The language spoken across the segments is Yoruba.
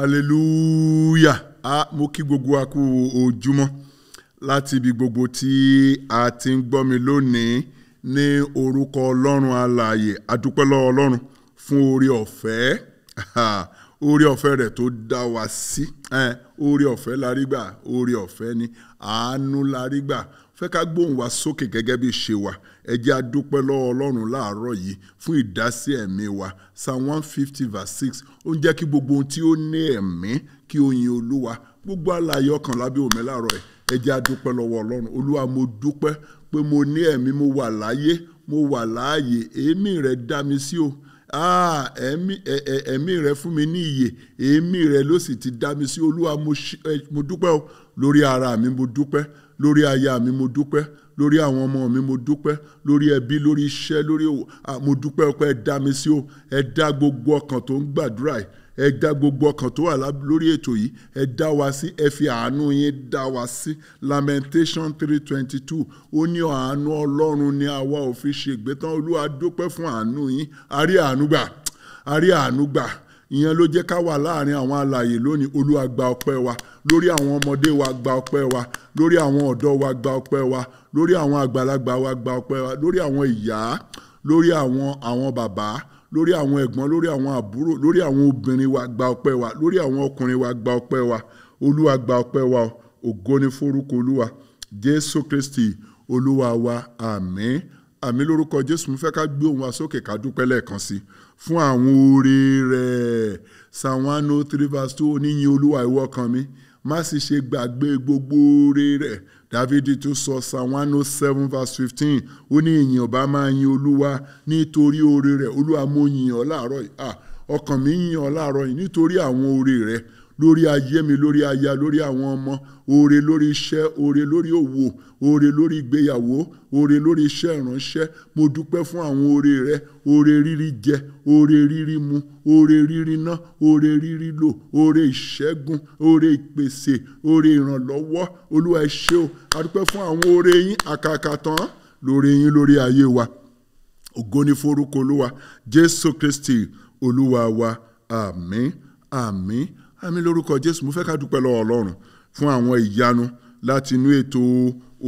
hallelujah a mo kí gbogbo wa kú ojúmọ́ láti ibi gbogbo tí a ti ń gbọ́ mi lónìí ní orúkọ ọlọ́run alààyè adúpẹ́ lọ́wọ́ ọlọ́run fún oore ọ̀fẹ́ oore ọ̀fẹ́ rẹ̀ tó dá wa sí oore ọ̀fẹ́ la rí gbà oore ọ̀fẹ́ ni àánú la rí fẹ́ ká gbóhùn wa sókè gẹ́gẹ́ bí ṣe wa ẹ jẹ́ a ọlọ́run láàárọ̀ yìí fún ìdásí ẹ̀mí wa psalm one fifty verse six ó ń jẹ́ kí gbogbo ohun tí ó ní ẹ̀mí kí ó yin olúwa gbogbo alààyè ọkàn lábẹ́ òmí láàárọ̀ ẹ̀ ẹ jẹ́ a dúpẹ́ lọ́wọ́ ọlọ́run olúwa mo dúpẹ́ pé mo ní ẹ̀mí mo wà láyé mo wà láàyè èémí rẹ̀ dá mi sí o ah, ẹ̀mí rẹ fún mi ní ìyè èémí rẹ ló sì ti dá mi sí olúwa mo dúpẹ́ o lórí ara mi mo dúpẹ́ lórí aya mi mo dúpẹ́ lórí àwọn ọmọ mi mo dúpẹ́ lórí ẹbí lórí iṣẹ́ lórí òwò mo dúpẹ́ ọpẹ́ ẹ dá mi sí o ẹ dá gbogbo ọkàn tó ń gbàdúrà yìí ẹ dá gbogbo ọkàn tó wà lórí ètò yìí ẹ dá wa sí ẹ fi àánú yín dá wa sí lamentation three twenty two ó ní àánú ọlọ́run ni àwa ò fi ṣègbè tán olúwa dúpẹ́ fún àánú yín a rí àánú gbà a rí àánú gbà ìyẹn ló jẹ́ ká wà láàrin àwọn alààyè lónìí olúwa gba ọpẹ́ wa lórí àwọn ọmọdé wa gba ọpẹ́ wa lórí àwọn ọ̀dọ́ wa gba ọpẹ́ wa lórí àwọn àgbàlagbà wa gba ọpẹ́ wa lórí àwọn ìyá lórí àwọn àwọn bàbá lórí àwọn ẹ̀gbọ́n lórí àwọn àbúrò lórí àwọn obìnrin wa gba ọpẹ́ wa lórí àwọn ọkùnrin wa gba ọpẹ́ wa olúwa gba ọpẹ́ wa ògo ni forúkọ olúwa jésù kristi olúwa wa àmín àmín lórúkọ jésù mo fẹ́ ká gbé ohùn wa sókè ká dúpẹ́ lẹ́ẹ̀kan sí i fún àwọn oore rẹ̀ psalm one oh three verse two oníyìn olúwa ìwọ ọkàn mi má sì ṣe gbàgbé gbogbo oore rẹ̀ dávidi tún sọ psalm one oh seven verse fifteen ó ní ìyìn ọba máa yin olúwa nítorí oore rẹ̀ olúwa mo yìn ọ́ láàárọ̀ yìí ah, ọkàn mi yìn ọ́ láàárọ̀ yìí nítorí àwọn oore rẹ̀ lórí ayé mi lórí aya lórí àwọn ọmọ oore lórí iṣẹ́ oore lórí òwò oore lórí ìgbéyàwó oore lórí iṣẹ́ ìránṣẹ́ mo dúpẹ́ fún àwọn oore rẹ oore rírí jẹ oore rírí mu oore rírí ná oore rírí lò oore ìṣẹ́gun oore ìpèsè oore ìrànlọ́wọ́ olúwa ẹ ṣé o a dúpẹ́ fún àwọn oore yín àkàkà tán lórí yín lórí ayé wa ògo ni forúkọ olúwa jésù kristi olúwa wa àmín àmín àmì lórúkọ jésù mo fẹ́ ká dúpẹ́ lọ́wọ́ ọlọ́run fún àwọn ìyanu láti inú ètò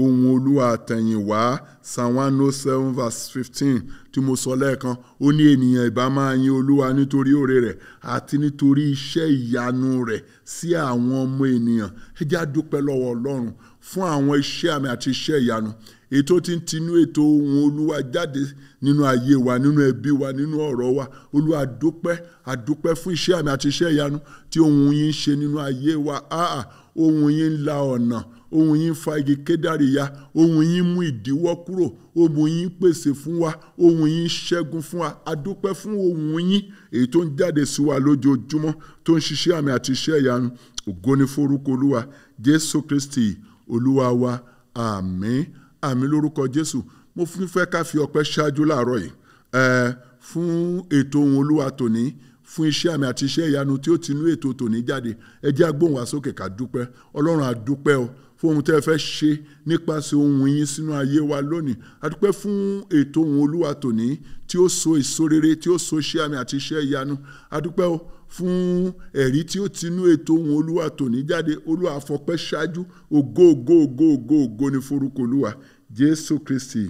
ohun olúwa àtẹ̀yìnwá psalm one oh seven verse fifteen tí mo sọ lẹ́ẹ̀kan ó ní ènìyàn ìbá máa yin olúwa nítorí oore rẹ̀ àti nítorí iṣẹ́ ìyanu rẹ̀ sí àwọn ọmọ ènìyàn ẹ jẹ́ á dúpẹ́ lọ́wọ́ ọlọ́run fún àwọn iṣẹ́ àmì àti iṣẹ́ ìyanu ètò tí ń tinú ètò ohun olúwa jáde nínú ayé wa nínú ẹbí wa nínú ọ̀rọ̀ wa olúwa àdúpẹ́ àdúpẹ́ fún iṣẹ́ àmì àti iṣẹ́ ìyanu tí ohun yín ń ṣe nínú ayé wa áà ohun yín ń la ọ̀nà ohun yín fa igi kédàrí ya ohun yín mú ìdíwọ́ kúrò ohun yín pèsè fún wa ohun yín ṣẹ́gun fún wa àdúpẹ́ fún ohun yín èyí tó ń jáde sí wa lójoojúmọ́ tó ń ṣiṣẹ́ àmì àti iṣẹ́ ìyanu ògo ni forúkọ olúwa jésù kristi olúwa wa àmín àmì lórúkọ jésù mo fẹ́ ká fi ọpẹ́ ṣáájú láàárọ̀ yìí fún ètò ohun olúwa tòní fún iṣẹ́ àmì àti iṣẹ́ ìyanu tí ó ti inú ètò tòní jáde ẹ jẹ́ agbóhùn wá sókè ká dúpẹ́ ọlọ́run àdúpẹ́ o fún ohun tẹ́ ẹ fẹ́ ṣe nípasẹ̀ ohun yín sínú ayé wa lónìí àdúpẹ́ fún ètò ohun olúwa tòní tí ó so èso rere tí ó so iṣẹ́ àmì àti iṣẹ́ ìyanu àdúpẹ́ o fún ẹ̀rí tí ó ti inú ètò ohun olúwa tòní jáde olúwa àfọpẹ́ ṣáájú ògo ògo ògo ògo ògo ni forúkọ olúwa jésù kristi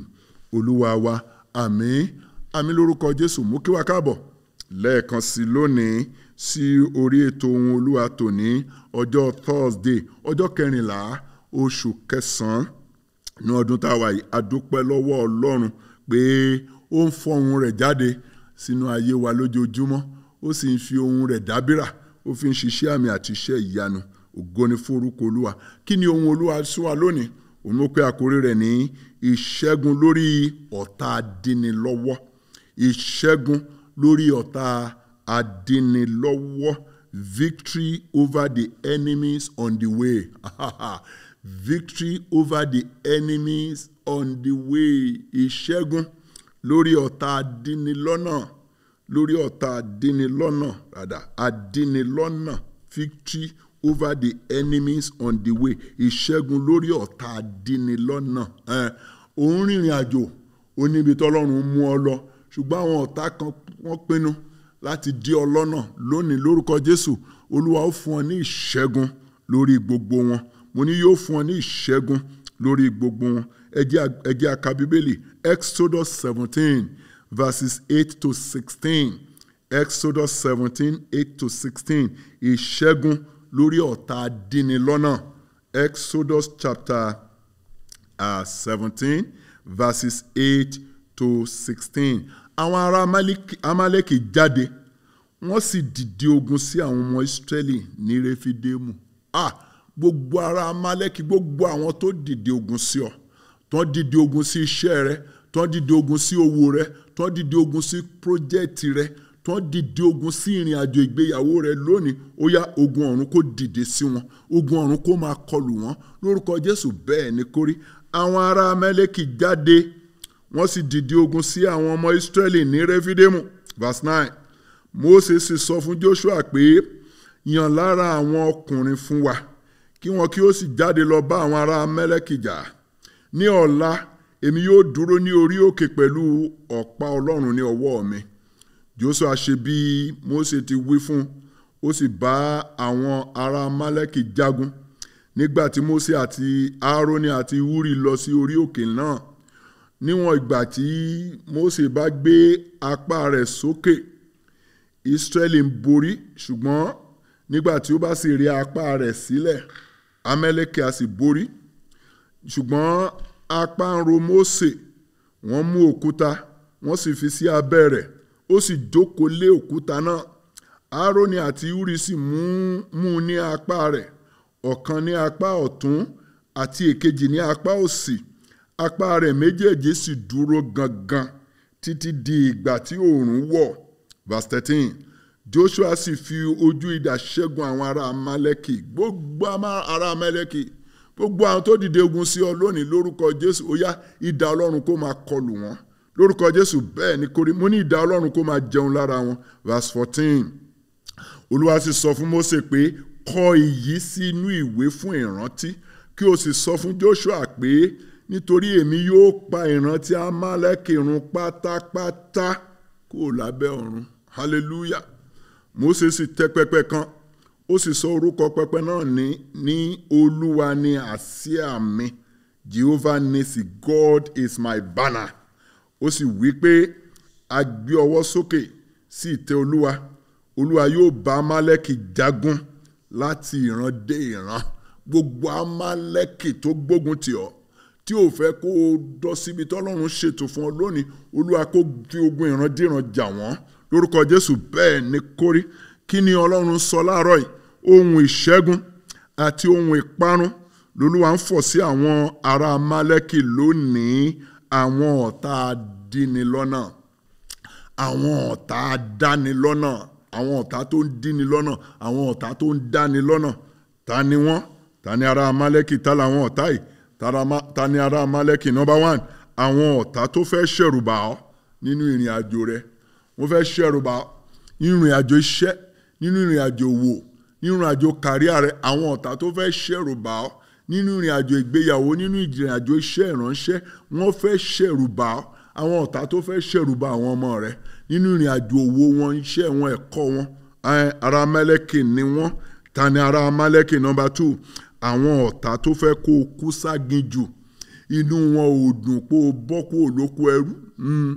olúwa wa àmín àmín lórúkọ jésù mú kí wa káàbọ̀ lẹ́ẹ̀kan sí lónìí sí orí ètò ohun olúwa tòní ọjọ́ thursday ọjọ́ kẹrìnlá oṣù kẹsàn-án ní ọdún tá a wà yìí a dúpẹ́ lọ́wọ́ ọlọ́run pé ó ń fọ ohun rẹ̀ jáde sínú ayé wa lójoojúmọ́ ó sì ń fi ohun rẹ̀ dábìrà ó fi ń ṣiṣẹ́ àmì àti iṣẹ́ ìyanu ògo ni fún orúkọ olúwa kí ni ohun olúwa sún wa lónìí òun ló pe àkórí rẹ̀ ní ìṣẹ́gun lórí ọ̀tá adínilọ́wọ́ ìṣẹ́gun lórí ọ̀tá adínilọ́wọ́ victory over the enemies on the way victory over the enemies on the way ìṣẹ́gun lórí ọ̀tá adínilọ́nà lórí ọ̀tá adínilọ́nà rádà adínilọ́nà victory over the enemies on the way ìṣẹ́gun lórí ọ̀tá adínilọ́nà ò ń rìnrìn àjò ó níbi tọ́lọ́run mú ọ lọ ṣùgbọ́n àwọn ọ̀tá kan wọ́n pinnu láti dí ọ lọ́nà lónìí lórúkọ Jésù Olúwa ó fún ọ ní ìṣẹ́gun lórí gbogbo wọn mo ní yóò fún ọ ní ìṣẹ́gun lórí gbogbo wọn ẹ jẹ́ Bíbélì Exodus seventeen verses eight to sixteen Exodus seventeen eight to sixteen ìṣẹ́gun lórí ọ̀tá dínilọ́nà Exodus chapter uh, seventeen verses eight to sixteen àwọn ará Amálẹ́kì jáde wọ́n sì dìde ogun sí àwọn ọmọ Ísírẹ́lì ní Réfídémù ah gbogbo ará Amálẹ́kì gbogbo àwọn tó dìde ogun sí ọ tó dìde ogun sí iṣẹ́ rẹ tó dìde ogun sí owó rẹ tó dìde ogun sí pírójẹ́tì rẹ tó dìde ogun sí ìrìn àjò ìgbéyàwó rẹ lónìí ó yá ogun ọ̀run kó dìde sí wọn ogun ọ̀run kó máa kọlù wọn lórúkọ Jésù bẹ́ẹ̀ ni kórí àwọn ará Amẹ́lẹ́kì jáde wọ́n sì dìde ogun sí àwọn ọmọ Ísírẹ́lì ní Réfídémù verse nine Mósè sì sọ fún Joshua pé yàn lára àwọn ọkùnrin fún wa kí wọn kí ó sì jáde lọ bá àwọn ará Amẹ́lẹ́kì jà ní ọ̀la èmi yóò dúró ní orí òkè pẹ̀lú ọ̀pá Ọlọ́run ní ọwọ́ mi Joshua ṣe bí Mósè ti wí fún ó sì bá àwọn ará Amálẹ́kì jagun nígbà tí Mósè àti Aaroni àti Húrì lọ sí orí òkè náà níwọ̀n ìgbà tí Mósè bá gbé apá rẹ̀ sókè Ísírẹ́lì ń borí ṣùgbọ́n nígbà tí ó bá sì rí apá rẹ̀ sílẹ̀ Amálẹ́kì á sì borí ṣùgbọ́n apá ń ro Mósè wọ́n mú òkúta wọ́n sì fi sí abẹ́ rẹ̀ ó sì jókòó lé òkúta náà aaroni àti uri sì mú mú ní apá rẹ̀ ọ̀kan ní apá ọ̀tún àti èkejì ní apá òsì apá rẹ̀ méjèèjì sì dúró gangan títí di ìgbà tí oòrùn wọ̀ verse thirteen joshua sì fi ojú idà ṣẹ́gun àwọn ará amaleki gbogbo ará amaleki gbogbo àwọn tó dìde ogun sí ọ lónìí lórúkọ jésù ó yá idà ọlọ́run kó máa kọlù wọ́n lórúkọ jésù bẹ́ẹ̀ ni kórí mo ní ìdá ọlọ́run kó máa jẹun lára wọn verse fourteen olúwa sì sọ fún mósè pé kọ èyí sínú ìwé fún ìrántí kí o sì sọ fún joshua pé nítorí èmi yóò pa ìrántí amálẹ́kì run pátápátá kó o lábẹ́ ọ̀run hallelujah mósè sì tẹ́ pẹpẹ kan ó sì sọ orúkọ pẹpẹ náà ní ní olúwa ni àsíá mi jehovah nisi god is my banner ó sì wí pé a gbé ọwọ́ sókè sí ìtẹ́ olúwa olúwa yóò bá amálẹ́kì jagun láti ìran dé ìran gbogbo amálẹ́kì tó gbógun tì ọ́ tí ò fẹ́ kó o dọ́ síbi tọ́lọ́run ṣètò fún ọ lónìí olúwa kó fi ogun ìrandíran jà wọ́n lórúkọ jésù bẹ́ẹ̀ ni kórí kí ni ọlọ́run sọ láàárọ̀ yìí ohun ìṣẹ́gun àti ohun ìparun lolúwa ń fọ̀ sí àwọn ará amálẹ́kì lónìí àwọn ọ̀tá dínilọ́nà àwọn ọ̀tá dánilọ́nà àwọn ọ̀tá tó ń dínilọ́nà àwọn ọ̀tá tó ń dánilọ́nà ta ni wọ́n ta ni ará amálẹ́kì ta làwọn ọ̀tá yìí ta ni ará amálẹ́kì nọ́mbà one àwọn ọ̀tá tó fẹ́ ṣẹ̀rùbà ọ́ nínú ìrìn àjò rẹ wọ́n fẹ́ ṣẹ̀rùbà ọ́ nínú ìrìn àjò iṣẹ́ nínú ìrìn àjò wò nínú ìrìn àjò kàríà rẹ àwọn ọ̀tá tó fẹ́ ṣẹ̀rùbà ọ́ nínú ìrìn àjò ìgbéyàwó nínú ìrìn àjò iṣẹ́ ìránṣẹ́ wọ́n fẹ́ ṣẹ̀rùbà àwọn ọ̀tá tó fẹ́ ṣẹ̀rùbà àwọn ọmọ rẹ nínú ìrìn àjò òwò wọn iṣẹ́ wọn ẹ̀kọ́ wọn eh, ará Amálẹ́kì ni wọ́n ta ni ará Amálẹ́kì nọmba two àwọn ọ̀tá tó fẹ́ kó o kú ságinjù inú wọn ò dùn pé o bọ́ kó o lóko ẹrú hmm.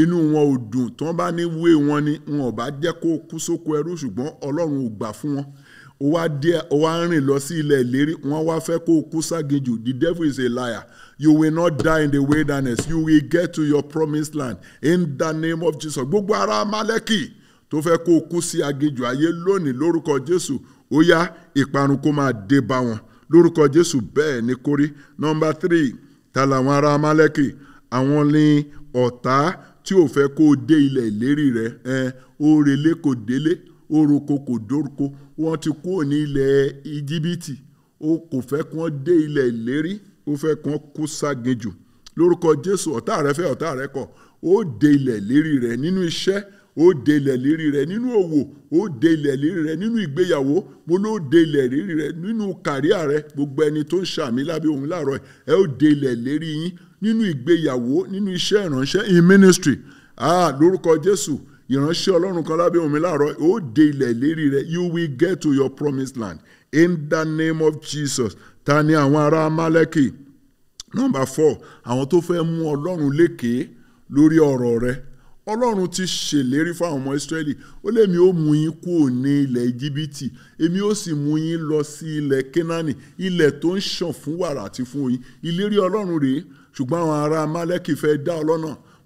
inú wọn ò dùn tí wọ́n bá ní wé wọn ni wọn ò bá jẹ́ kó o kú sóko ẹrú ṣùgbọ́n Ọlọ́run ò gbà fún wọn ó wá díẹ̀ ó wá rìn lọ sí ilẹ̀ ìlérí wọ́n wá fẹ́ kó o kú ságejù the devil is a liar you will not die in the wilderness you will get to your promised land in the name of Jesus gbogbo ara Amálẹ́kì tó fẹ́ kó o kú sí agejù ayé lónìí lórúkọ Jésù ó yá ìparun kó máa dé bá wọn lórúkọ Jésù bẹ́ẹ̀ ni kórí nọmba three ta làwọn ará Amálẹ́kì àwọn ní ọ̀tá tí ò fẹ́ kó o dé ilẹ̀ ìlérí rẹ̀ ẹ̀ ó relé kò délé oroko kò dórúkọ wọ́n ti kúrò ní ilẹ̀ íjíbítì o kò fẹ́ kí wọ́n dé ilẹ̀ ìlérí o fẹ́ kí wọ́n kó ságinjù lórúkọ jésù ọ̀tá rẹ fẹ́ ọ̀tá rẹ kọ̀ O dé ilẹ̀ ìlérí rẹ nínú iṣẹ́ ó dé ilẹ̀ ìlérí rẹ nínú òwò ó dé ilẹ̀ ìlérí rẹ nínú ìgbéyàwó mo ló dé ilẹ̀ ìlérí rẹ nínú kàríà rẹ gbogbo ẹni tó ń ṣàmì lábẹ́ òun láàárọ̀ ẹ ó dé ilẹ̀ ìlérí yín nínú ìgbéyàwó nínú iṣẹ́ ìránṣẹ́ in ministry ah lórúkọ jésù ìránṣẹ́ ọlọ́run kan lábẹ́ omi láàárọ̀ ó dé ilẹ̀ ìlérí rẹ you will get to your promised land in the name of Jesus ta ni àwọn ará amálẹ́kì nọ́mbà four àwọn tó fẹ́ mú ọlọ́run lékè lórí ọ̀rọ̀ rẹ ọlọ́run ti ṣèlérí fún àwọn ọmọ ìsírẹ́lì ó lèmi ó mú yín kúrò ní ilẹ̀ íjíbítì èmi ó sì mú yín lọ sí ilẹ̀ kínání ilẹ̀ tó ń ṣàn fún wàrà àti fún oyin ìlérí ọlọ́run rèé ṣùgbọ́n àwọn ará amálẹ́kì fẹ́ dá ọ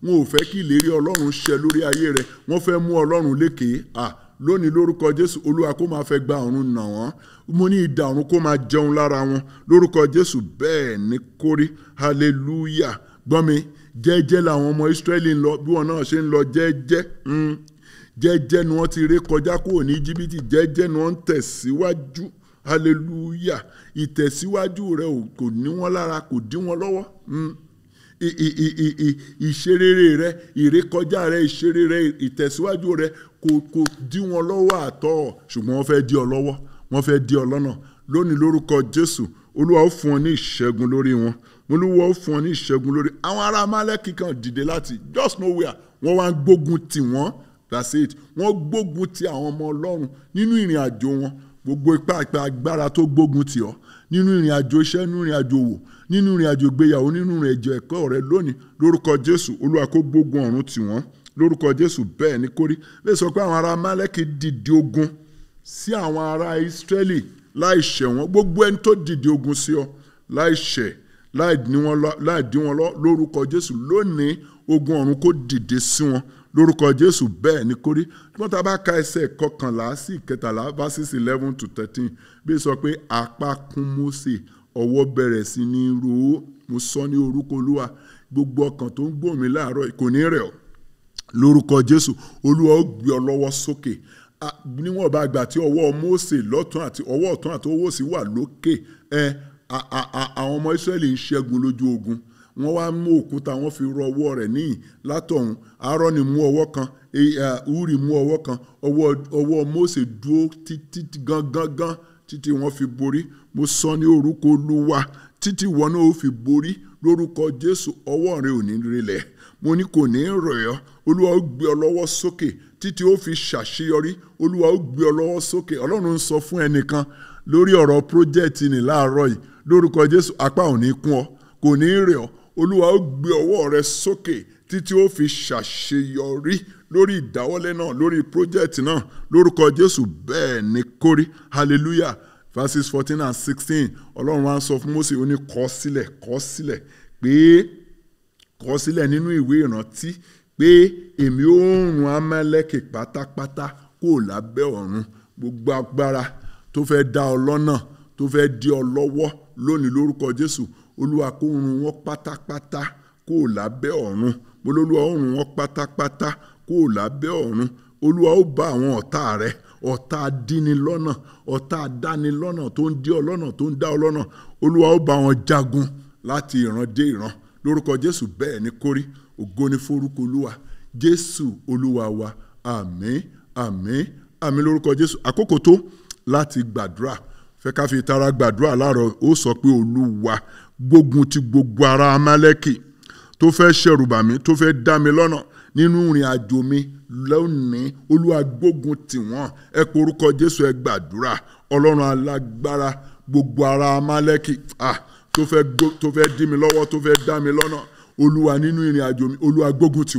wọn ò fẹ́ kí ìlérí ọlọ́run ṣẹ lórí ayé rẹ wọ́n fẹ́ mú ọlọ́run lékè à lónìí lórúkọ jésù olúwa kó máa fẹ́ gba ọ̀run nà wọ́n mo ní idà ọ̀run kó máa jẹun lára wọn lórúkọ jésù bẹ́ẹ̀ ni kórí hallelujah gbọ́n mi jẹ́jẹ́ làwọn ọmọ ìsírẹ́lì ń lọ bí wọn náà ṣe ń lọ jẹ́jẹ́ hmm. jẹ́jẹ́ ni wọ́n ti ré kọjá kúrò ní jìbìtì jẹ́jẹ́ ni wọ́n ń tẹ̀síwájú hallelujah ìtẹ̀síwájú rẹ kò ní wọn lára kò dí wọn lọ́wọ́. Hmm ìṣerere rẹ ìrékọjá rẹ ìṣerere rẹ ìtẹ̀síwájú rẹ kò kò dí wọn lọ́wọ́ àtọ́ ṣùgbọ́n wọ́n fẹ́ dí ọ lọ́wọ́ wọ́n fẹ́ dí ọ lọ́nà lónìí lórúkọ Jésù olúwa ó fún ọ ní ìṣẹ́gun lórí wọn olúwa ó fún ọ ní ìṣẹ́gun lórí àwọn ará amálẹ́kì kan dìde láti just nowhere wọ́n wá ń gbógun tì wọ́n that's it wọ́n gbógun tì àwọn ọmọ ọlọ́run nínú ìrìn àjò wọn gbogbo ipá ìpè agbára tó gbógun tì ọ́ nínú ìrìn àjò iṣẹ́ nínú ìrìn àjò òwò nínú ìrìn àjò ìgbéyàwó nínú ìrìn àjò ẹ̀kọ́ rẹ lónìí lórúkọ Jésù Olúwa kó gbógun ọ̀run tì wọ́n lórúkọ Jésù bẹ́ẹ̀ ni kórí bẹ́ẹ̀ sọ pé àwọn ará Amálẹ́kì dìde ogun sí àwọn ará Ísírẹ́lì láì ṣẹ̀ wọ́n gbogbo ẹni tó dìde ogun sí ọ láì ṣẹ̀ láì dín wọn lọ lórúkọ Jésù lónìí ogun ọ̀run kó dìde sí wọn lórúkọ jésù bẹ́ẹ̀ ni kórí nígbà tá a bá ka ẹsẹ̀ kọkànlá sí ìkẹtàlá verses eleven to thirteen bí sọ pé apá kún Mósè ọwọ́ bẹ̀rẹ̀ sí ní ro ó mo sọ ní orúkọ olúwa gbogbo ọkàn tó ń gbọ́ mi láàárọ̀ kò ní rẹ̀ ọ́ lórúkọ jésù olúwa ó gbé ọ lọ́wọ́ sókè níwọ̀n bá gbà tí ọwọ́ Mósè lọ́tún àti ọwọ́ ọ̀tún àti ọwọ́ òsì wà lókè ẹ àwọn ọmọ Ísírẹ́lì ń ṣẹ́gun lójú ogun wọ́n wá mú òkúta wọ́n fi rọ ọwọ́ rẹ̀ níyìn látọ̀hún Áárónì mú ọwọ́ kan Húrì eh, eh, mú ọwọ́ kan ọwọ́ Mósè dúró títí gangan títí wọ́n fi borí mo sọ ní orúkọ Olúwa títí wọn náà ó fi borí lórúkọ Jésù ọwọ́ rẹ ò ní rinlẹ̀ mo ní kò ní rọ̀ ọ́ Olúwa ó gbé ọ lọ́wọ́ sókè títí ó fi ṣàṣeyọrí Olúwa ó gbé ọ lọ́wọ́ sókè Ọlọ́run ń sọ fún ẹnìkan lórí ọ̀rọ̀ project ní láàárọ̀ yìí lórúkọ Jésù apá ò ní kún ọ kò ní rẹ̀ ọ́ olúwa ó gbé ọwọ́ rẹ sókè títí ó fi ṣàṣeyọrí lórí ìdáwọ́lé náà lórí project náà lórúkọ jésù bẹ́ẹ̀ ni kórí hallelujah verses fourteen and sixteen ọlọ́run wa ń sọ fún mósè ó ní kọ sílẹ̀ kọ sílẹ̀ pé kọ sílẹ̀ nínú ìwé ìrántí pé èmi ó run amálẹ́kì pátápátá kó o lábẹ́ ọ̀run gbogbo agbára tó fẹ́ dá ọ lọ́nà tó fẹ́ dí ọ lọ́wọ́ lónìí lórúkọ jésù olúwa kó run wọn pátápátá kó o lábẹ́ ọ̀run mo lólúwa ó run wọn pátápátá kó o lábẹ́ ọ̀run olúwa ó bá àwọn ọ̀tá rẹ ọ̀tá dínilọ́nà ọ̀tá dánilọ́nà tó ń dí ọ lọ́nà tó ń dá ọ lọ́nà olúwa ó bá wọn jagun láti ìran dé ìran lórúkọ jésù bẹ́ẹ̀ ni kórí ògo ni forúkọ olúwa jésù olúwa wa àmín àmín àmín lórúkọ jésù àkókò tó láti gbàdúrà fẹ́ ká fi tara gbàdúrà láàárọ̀ ó sọ pé olúwa gbógun ti gbogbo ara amálẹ́kì tó fẹ́ ṣẹ̀rùbà mi tó fẹ́ dá mi lọ́nà nínú ìrìn àjò mi lónìí olúwa gbógun tì ẹ pe jésù ẹ gbàdúrà ọlọ́run alágbára gbogbo ara amálẹ́kì ah tó fẹ́ dí mi lọ́wọ́ tó fẹ́ dá mi lọ́nà olúwa nínú ìrìn àjò mi olúwa gbógun tì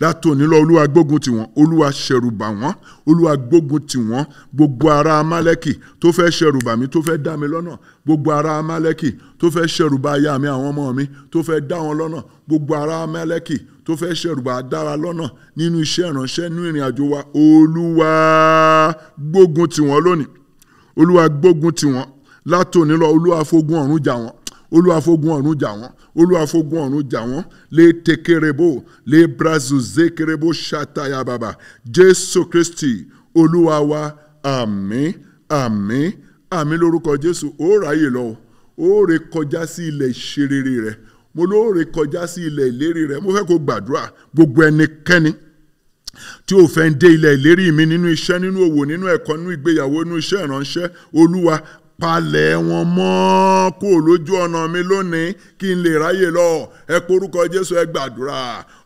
látòní lọ olúwa gbógun tì wọ́n olúwa ṣẹ̀rù bà wọ́n olúwa gbógun tì wọ́n gbogbo ara amálẹ́kì tó fẹ́ ṣẹ̀rù bà mí tó fẹ́ dá mi lọ́nà gbogbo ara amálẹ́kì tó fẹ́ ṣẹ̀rù bà aya mi àwọn ọmọ mi tó fẹ́ dá wọn lọ́nà gbogbo ara amálẹ́kì tó fẹ́ ṣẹ̀rù bà dára lọ́nà nínú iṣẹ́ ìránṣẹ́ nínú ìrìn àjò wa olúwa gbógun tì wọ́n lónìí olúwa gbógun tì wọ́n látòní lọ olúwa fogun ọ̀run jà wọ́n olúwa fogun ọ̀run jà wọ́n olúwa fogun ọ̀run jà wọ́n lè tekerebo lè brazuze kerebo ṣàtàyà bàbà jésù kristi olúwa wa àmín àmín àmín lórúkọ jésù ó ráyè lọ ó ré kọjá sí ilẹ̀ ìṣerere rẹ̀ mo lóore kọjá sí ilẹ̀ ìlérí rẹ̀ mo fẹ́ kó gbàdúrà gbogbo ẹnikẹ́ni tí o fẹ́ ń dé ilẹ̀ ìlérí mi nínú iṣẹ́ nínú òwò nínú ẹ̀kọ́ nínú ìgbéyàwó nínú iṣẹ́ ìránṣẹ́ olúwa palẹ̀ wọn mọ́ kúrò lójú ọ̀nà mi lónìí kí n lè ráyè lọ ẹ porúkọ jésù ẹ gbàdúrà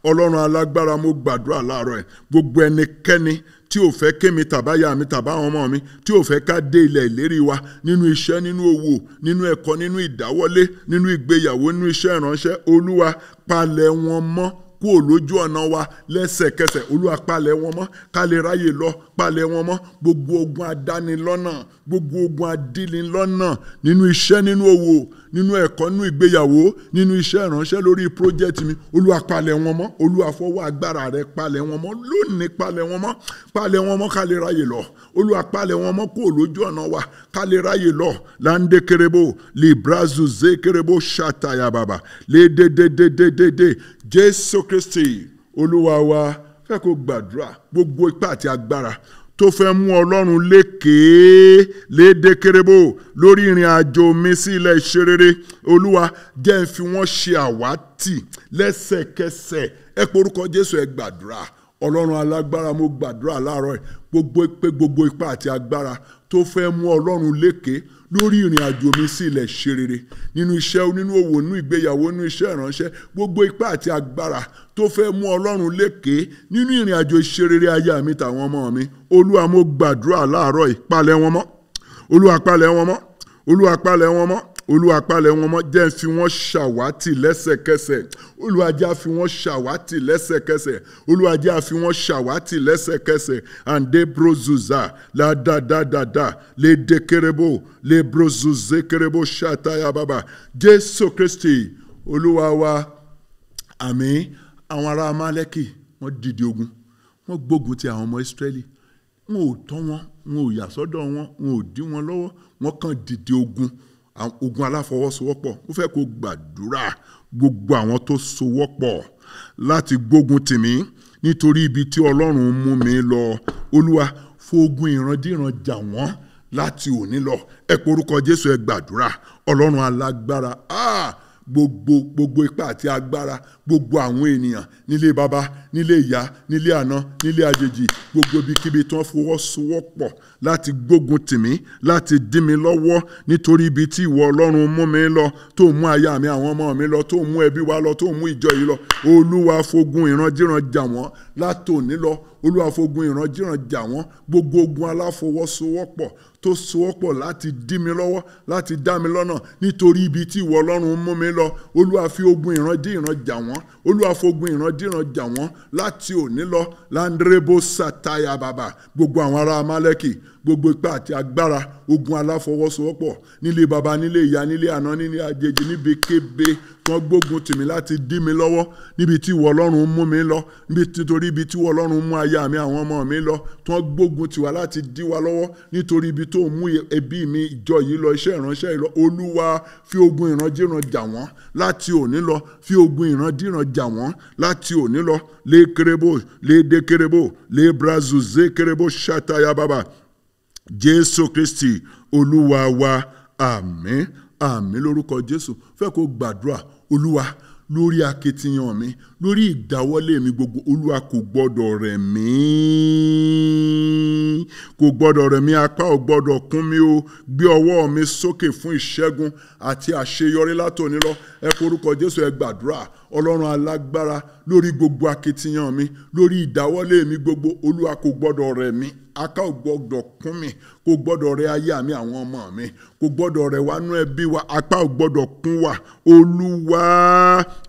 ọlọ́run alágbára mo gbàdúrà láàárọ̀ ẹ gbogbo ẹnikẹ́ni tí ò fẹ́ kémi tàbáyà mi tàbá àwọn ọmọ mi tí ò fẹ́ ká dé ilẹ̀ ìlérí wa nínú iṣẹ́ nínú òwò nínú ẹ̀kọ́ nínú ìdáwọ́lé nínú ìgbéyàwó nínú iṣẹ́ ìránṣẹ́ olúwa palẹ̀ wọn mọ́ kúrò lójú ọ̀nà wa lẹ́sẹ̀kẹsẹ̀ olúwa palẹ̀ wọn mọ́ ká ráyè lọ palẹ̀ wọn mọ́ gbogbo ogun adánilọ́nà gbogbo ogun adínilọ́nà nínú iṣẹ́ nínú owó nínú ẹ̀kọ́ nínú ìgbéyàwó nínú iṣẹ́ ìránṣẹ́ lórí project mi olúwa palẹ̀ wọn mọ́ olúwa fọwọ́ agbára rẹ palẹ̀ wọn mọ́ lónìí palẹ̀ wọn mọ́ palẹ̀ wọn mọ́ ká lè ráyè lọ olúwa palẹ̀ wọn mọ́ kó lójú ọ̀nà wa ká lè ráyè lọ láńdé kerebo librazu zé kerebo ṣàtàyà bàbà lédèdèdèdèdè jésù kristi olúwa wa fẹ́ kó gbàdúrà gbogbo ipá àti agbára tó fẹ́ mú ọlọ́run lékèé lédèkérébò lórí ìrìn àjò mi sí ilẹ̀ ìṣerere olúwa jẹ́ ń fi wọ́n ṣe àwátì lẹ́sẹ̀kẹsẹ̀ ẹ porúkọ jésù ẹ gbàdúrà ọlọ́run alágbára mo gbàdúrà láàárọ̀ gbogbo pé gbogbo ipá àti agbára tó fẹ́ mú ọlọ́run lékèé lórí ìrìn àjò mi sí ilẹ̀ ṣe rere nínú iṣẹ́ nínú òwò nínú ìgbéyàwó nínú iṣẹ́ ìránṣẹ́ gbogbo ipá àti agbára tó fẹ́ mú ọlọ́run lékè nínú ìrìn àjò ìṣe rere aya mi tàwọn ọmọ mi olúwa mo gbàdúrà láàárọ̀ ìpalẹ̀ wọn mọ́ olúwa palẹ̀ wọn mọ́ olúwa palẹ̀ wọn mọ́ olúwa palẹ̀ wọn mọ́ jẹ́ fi wọ́n ṣàwátì lẹ́sẹ̀kẹsẹ̀ olúwa jẹ́ a fi wọ́n ṣàwátì lẹ́sẹ̀kẹsẹ̀ olúwa jẹ́ a fi wọ́n ṣàwátì lẹ́sẹ̀kẹsẹ̀ àǹdé brozuza ládàdàdàdà lè dékèrèbó lè brozuzékèrèbó ṣàtàyà bàbà jésù kristi olúwa wa àmín àwọn ará amálẹ́kì wọ́n dìde ogun wọ́n gbógun ti àwọn ọmọ ìsírẹ́lì wọn ò tọ́ wọn wọn ò yà sọ́dọ̀ wọn wọn ò dí wọn lọ́wọ́ wọn kàn dìde ogun ogun aláfọwọ́sowọ́pọ̀ mo fẹ́ kó gbàdúrà gbogbo àwọn tó sowọ́pọ̀ láti gbógun tìmí nítorí ibi tí ọlọ́run mú mi lọ olúwa fógun ìrandíran jà wọ́n láti òní lọ ẹ porúkọ jésù ẹ gbàdúrà ọlọ́run alágbára ah gbogbo gbogbo ipá àti agbára gbogbo àwọn ènìyàn nílé baba nílé ìyá nílé àná nílé àjèjì gbogbo ibikíbi tí wọ́n fọwọ́sowọ́pọ̀ láti gbógun tìmí láti dí mi lọ́wọ́ nítorí ibi tí ìwọ ọlọ́run mú mi lọ tó mú aya mi àwọn ọmọ mi lọ tó mú ẹbí wa lọ tó mú ìjọ yìí lọ olúwa fogun ìrandíran jà wọ́n látòní lọ olúwa fogun ìrandíran jà wọ́n gbogbo ogun aláfọwọ́sowọ́pọ̀ tó sowọ́pọ̀ láti dí mi lọ́wọ́ láti dá mi lọ́nà nítorí ibi tí ìwọ ọlọ́run mú mi lọ olúwa fi ogun ìran dí ìran jà wọ́n olúwa fogun ìran dí ìran jà wọ́n láti òní lọ landrebo sataya baba gbogbo àwọn ará amálẹ́kì gbogbo ipa àti agbára ogun aláfọwọ́sowọ́pọ̀ nílé baba nílé ìyá nílé àná nílé àjèjì níbikíbi kan gbógun tìmí láti dí mi lọ́wọ́ níbi tí ìwọ ọlọ́run mú mi lọ nítorí ibi tí ìwọ ọlọ́run mú aya mi àwọn ọmọ mi lọ kan gbógun tìwá láti dí wa lọ́wọ́ nítorí ibi tó mú ẹbí mi ìjọ yìí lọ iṣẹ́ ìránṣẹ́ yìí lọ olúwa fi ogun ìrandíran jà wọ́n láti òní lọ fi ogun ìrandíran jà wọ́n láti òní lọ lé kerebo lé dekerebo lé brazuze kerebo ṣàtàyà bàbà jésù kristi olúwa wa àmín àmín lórúkọ jésù fẹ́ kó gbàdúrà olúwa lórí akitiyan mi lórí ìdáwọ́lé mi gbogbo olúwa kò gbọ́dọ̀ rẹ̀ mí kò gbọ́dọ̀ rẹ̀ mí apá ò gbọ́dọ̀ kún mi o gbé ọwọ́ mi sókè fún ìṣẹ́gun àti àṣeyọrí látòní lọ ẹ forúkọ jésù ẹ gbàdúrà ọlọ́run alágbára lórí gbogbo akitiyan mi lórí ìdáwọ́lé mi gbogbo olúwa kò gbọ́dọ̀ rẹ̀ mí aká ò gbọ́dọ̀ kún mi kò gbọ́dọ̀ rẹ̀ aya mi àwọn ọmọ mi kò gbọ́dọ̀ rẹ̀ wá ẹbí wa apá ò gbọ́dọ̀ kún wa olúwa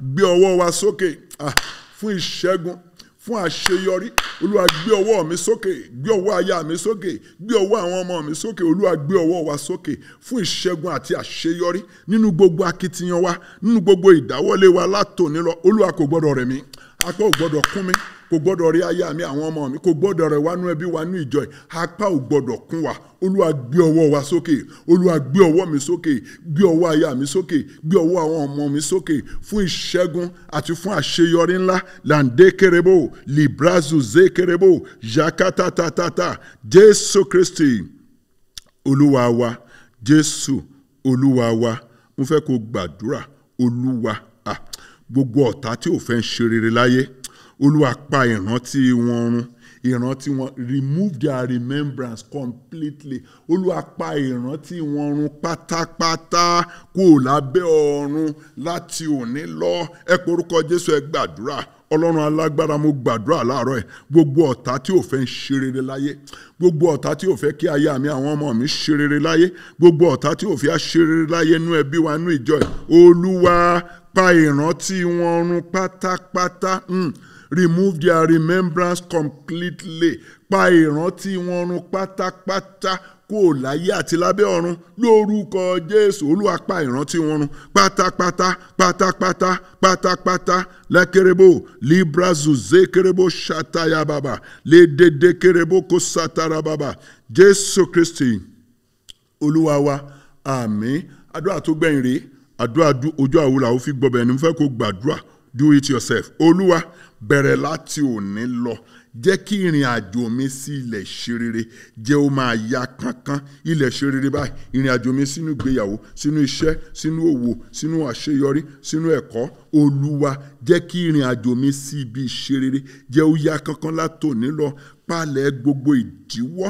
gbé ọwọ́ wa sókè ah, fún ìṣẹ́gun fún àṣeyọrí olúwa gbé ọwọ́ mi sókè gbé ọwọ́ aya mi sókè gbé ọwọ́ àwọn ọmọ mi sókè olúwa gbé ọwọ́ wa sókè fún ìṣẹ́gun àti àṣeyọrí nínú gbogbo akitiyan wa nínú gbogbo ìdáwọ́lé wa látòní lọ olúwa kò gbọ́dọ̀ rẹ̀ mí apá ò gbọ́dọ̀ kún mi kò gbọ́dọ̀ rí aya mi àwọn ọmọ mi kò gbọ́dọ̀ rẹ̀ wánú ẹbí wánú ìjọ ẹ̀ apá ò gbọ́dọ̀ kún wa olúwa gbé ọwọ́ wa sókè olúwa gbé ọwọ́ mi sókè gbé ọwọ́ aya mi sókè gbé ọwọ́ àwọn ọmọ mi sókè fún ìṣẹ́gun àti fún àṣeyọrí ńlá lande kerebo librazu ze kerebo yakata tatata jésù kristi olúwa wa jésù olúwa wa mo fẹ́ kó gbàdúrà olúwa ah gbogbo ọ̀tá tí ò fẹ́ ń ṣe rere láyé olúwa pa ìrántí wọn run ìrántí wọn remove their remembrance completely olúwa pa ìrántí wọn run pátápátá kó o lábẹ́ ọ̀run láti òní lọ ẹ pe orúkọ jésù ẹ gbàdúrà ọlọ́run alágbára mo gbàdúrà láàárọ̀ ẹ̀ gbogbo ọ̀tá tí ò fẹ́ ń ṣe rere láyé gbogbo ọ̀tá tí ò fẹ́ kí aya mi àwọn ọmọ mi ṣe rere láyé gbogbo ọ̀tá tí ò fẹ́ ṣe rere láyé nú ẹbí wa nú ìjọ ẹ̀ olúwa pa ìrántí wọn run pátápátá hmm, remove their remembrance completely pa ìrántí wọn run pátápátá kó o láyé àti lábẹ́ ọ̀run lórúkọ jésù olúwa pa ìrántí wọn run pátápátá pátápátá pátápátá lẹ́kẹ̀rẹ́bó librazuze kẹrẹ́bó ṣàtàyà bàbà lédèdè kẹrẹ́bó kó ṣàtàrà bàbà jésù kristi olúwa wa àmín àdúrà tó gbẹ̀yìn rèé àdúrà ojú àwo làwọn fi gbọ́ bẹ́ẹ̀ ni mo kó gbàdúrà do it yourself olúwa bẹ̀rẹ̀ láti òní lọ jẹ́ kí ìrìn àjò mi sí ilẹ̀ ṣe rere jẹ́ ó máa ya kankan ilẹ̀ ṣe rere báyìí ìrìn àjò mi sínú ìgbéyàwó sínú iṣẹ́ sínú òwò sínú àṣeyọrí sínú ẹ̀kọ́ olúwa jẹ́ kí ìrìn àjò mi sí ibi ìṣe rere jẹ́ ó ya kankan látòní lọ palẹ̀ gbogbo ìdíwọ́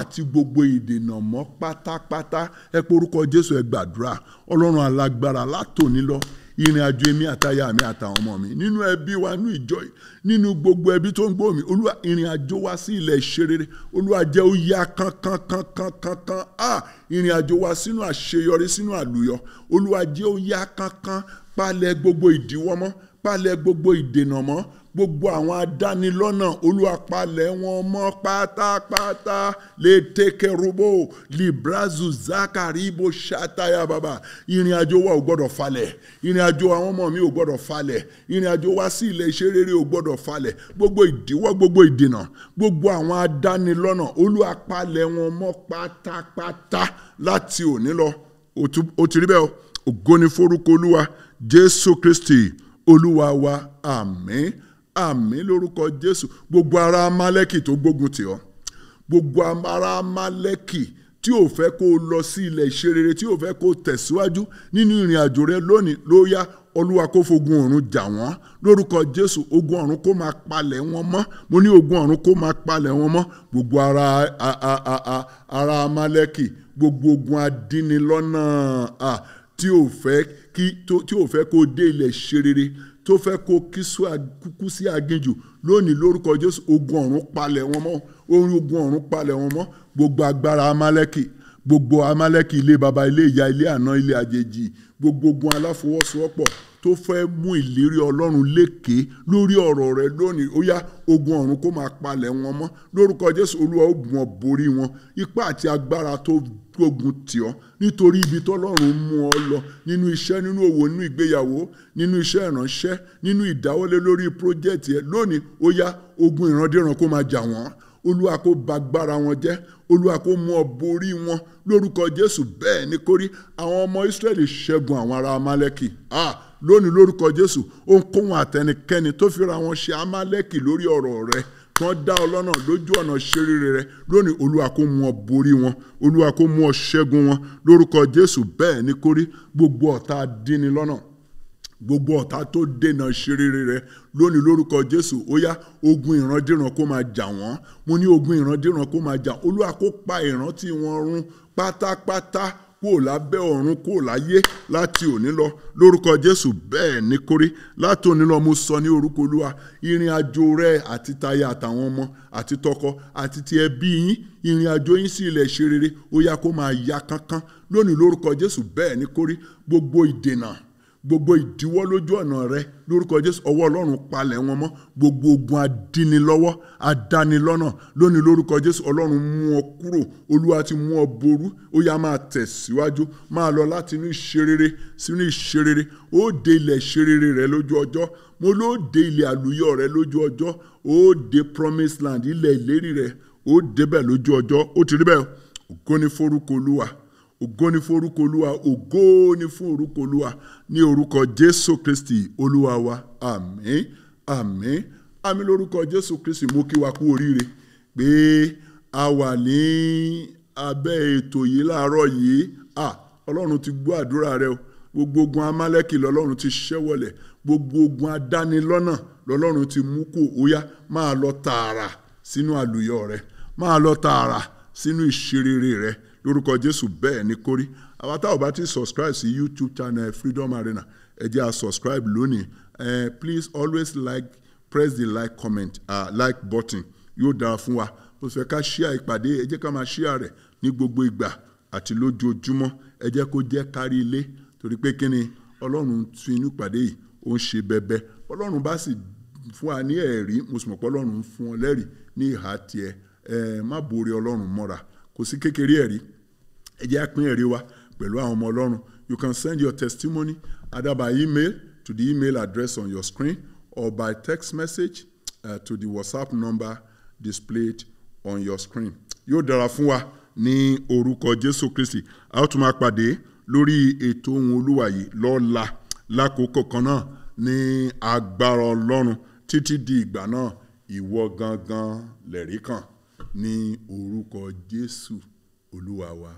àti gbogbo ìdènà mọ́ pátápátá ẹ pé orúkọ Jésù ẹ gbàdúrà ọlọ́run alágbára látòní lọ ìrìn àjò èmi àtaya mi àtàwọn ọmọ mi nínú ẹbí wa nínú ìjọ yìí nínú gbogbo ẹbí tó ń gbọ́ mi olúwa ìrìn àjò wa sí ilẹ̀ ìṣerere olúwa jẹ́ ó yá kankankankankan ah ìrìn àjò wa sínú àṣeyọrí sínú àlùyọ olúwa jẹ́ ó yá kankan palẹ̀ gbogbo ìdíwọ́ palẹ̀ gbogbo ìdènà mọ́ gbogbo àwọn adánilọ́nà olúwapalẹ̀ wọn mọ́ pátápátá lè tẹ́kẹ̀ robo librazu zakari ibo ṣàtàyà bàbá ìrìn àjò wa ò gbọ́dọ̀ falẹ̀ ìrìn àjò àwọn ọmọ mi ò gbọ́dọ̀ falẹ̀ ìrìn àjò wa sí ilẹ̀ iṣẹ́ rere ò gbọ́dọ̀ falẹ̀ gbogbo ìdíwọ́ gbogbo ìdènà gbogbo àwọn adánilọ́nà olúwapalẹ̀ wọn mọ́ pátápátá láti òní lọ ó ti rí bẹ́ẹ̀ ògo ni forúkọ olúwa jésù kristi olúwa wa àmín àmì lórúkọ jésù gbogbo ara amálẹ́kì tó gbógun tì ọ́ gbogbo ara amálẹ́kì tí ò fẹ́ kó o lọ sí ilẹ̀ ìṣerere tí ò fẹ́ kó o tẹ̀síwájú nínú ìrìn àjò rẹ lónìí ló yá olúwa kó fogun ọ̀run jà wọ́n lórúkọ jésù ogun ọ̀run kó máa palẹ̀ wọn mọ́ mo ní ogun ọ̀run kó máa palẹ̀ wọn mọ́ gbogbo ara ara amálẹ́kì gbogbo ogun adínilọ́nà tí ò fẹ́ kó o dé ilẹ̀ ìṣerere tó fẹ́ kó kú sí aginjù lónìí lórúkọ jésù ogun ọ̀run palẹ̀ wọn mọ́ orin ogun ọ̀run palẹ̀ wọn mọ́ gbogbo agbára amálẹ́kì gbogbo amálẹ́kì ilé baba ilé ìyá ilé àná ilé àjèjì gbogbo ogun aláfọwọ́sowọ́pọ̀ tó fẹ́ mú ìlérí ọlọ́run lékè lórí ọ̀rọ̀ rẹ lónìí ó yá ogun ọ̀run kó máa palẹ̀ wọn mọ́ lórúkọ jésù olúwa ó bùn ọ borí wọn ipá àti agbára tó gbógun tì ọ́ nítorí ibi tọ́lọ́run mú ọ lọ nínú iṣẹ́ nínú òwò nínú ìgbéyàwó nínú iṣẹ́ ìránṣẹ́ nínú ìdáwọ́lé lórí pírójẹ́tì ẹ lónìí ó yá ogun ìrandíran kó máa jà wọ́n olúwa kó bagbára wọn jẹ́ olúwa kó mú ọ borí wọn lórúkọ jésù bẹ́ẹ̀ ni kórí àwọn ọmọ ìsírẹ́lì ṣẹ́gun àwọn ará amálẹ́kì ah lónìí lórúkọ Jésù ohunkóhun àtẹnikẹ́ni tó fira wọn ṣe amálẹ́kì lórí ọ̀rọ̀ rẹ tán dá ọ lọ́nà lójú ọ̀nà ṣerére rẹ lónìí olúwa kó mú ọ borí wọn olúwa kó mú ọ ṣẹ́gun wọn lórúkọ Jésù bẹ́ẹ̀ ni kórí gbogbo ọ̀tá dínni lọ́nà gbogbo ọ̀tá tó dènà ṣerere rẹ lónìí lórúkọ jésù ó yá ogun ìrandíran kó máa jà wọ́n mo ní ogun ìrandíran kó máa jà olúwa kó pa ìrántí wọn run pátápátá kúò lábẹ́ ọ̀run kúò láyé láti òní lọ lórúkọ jésù bẹ́ẹ̀ ní kórí láti òní lọ mo sọ ní orúkọ olúwa ìrìn àjò rẹ àti táyà àtàwọn ọmọ àti tọkọ àti ti ẹbí yín ìrìn àjò yín sí ilẹ̀ ṣe rere ó yá kó máa ya kánkán lónìí lórúkọ jésù bẹ́ẹ̀ ní kórí gbogbo ìdènà gbogbo ìdíwọ́ lójú ọ̀nà rẹ lórúkọ jésù ọwọ́ ọlọ́run palẹ̀ wọn mọ́ gbogbo ogun adínilọ́wọ́ adánilọ́nà lónìí lórúkọ jésù ọlọ́run mú ọ kúrò olúwa ti mú ọ ború ó yá máa tẹ̀síwájú máa lọ láti inú ìṣerere sínú ìṣerere ó dé ilẹ̀ ìṣerere rẹ lójú ọjọ́ mo ló dé ilẹ̀ àlùyọ rẹ lójú ọjọ́ ó dé promised land ilẹ̀ ìlérí rẹ ó débẹ̀ lójú ọjọ́ ó ti rí bẹ́ẹ̀ ògo forúkọ olúwa ògo ni fún orúkọ olúwa ògo ni fún orúkọ olúwa ní orúkọ jésù kristi olúwa wa àmín àmín àmín lórúkọ jésù kristi mú kí wa kú oríire pé a wà ní abẹ́ ètò yìí láàárọ̀ yìí à ọlọ́run ti gbọ́ àdúrà rẹ o gbogbo ogun amálẹ́kì lọ́lọ́run ti ṣẹ́wọ̀lẹ̀ gbogbo ogun adánilọ́nà lọ́lọ́run ti mú kó o yá máa lọ tààrà sínú àlùyọ rẹ máa lọ tààrà sínú ìṣerere rẹ lórúkọ jésù bẹ́ẹ̀ ni kórí àwa tá bá ti subscribe sí youtube channel freedom arena ẹ jẹ́ à subscribe lónìí uh, please always like press the like comment uh, like button yóò dára fún wa mo fẹ́ ká share ìpàdé ẹ jẹ́ ká máa share rẹ̀ ní gbogbo ìgbà àti lójoojúmọ́ ẹ jẹ́ kó jẹ́ kárí ilé torí pé kí ni ọlọ́run tún inú ìpàdé yìí ó ń ṣe bẹbẹ ọlọ́run bá sì fún wa ní ẹ̀rí mo sì mọ̀ pé ọlọ́run fún ọ lẹ́rìí ní ìhà tiẹ̀ ẹ má borí ọlọ́run mọ́ra kò sí kékeré ẹ̀rí ẹ jẹ́ àpín ẹ̀rí wa pẹ̀lú àwọn ọmọ ọlọ́run you can send your testimony either by email to the email address on your screen or by text message uh, to the whatsapp number displayed on your screen. yóò dára fún wa ní orúkọ jésù kristi a ó tún máa pàdé lórí ètò ohun olúwa yìí lọ́la lákòókò kan náà ní agbára ọlọ́run títí di ìgbà náà ìwọ gangan lẹ̀rí kan. ní orúkọ Jésù Olúwa wa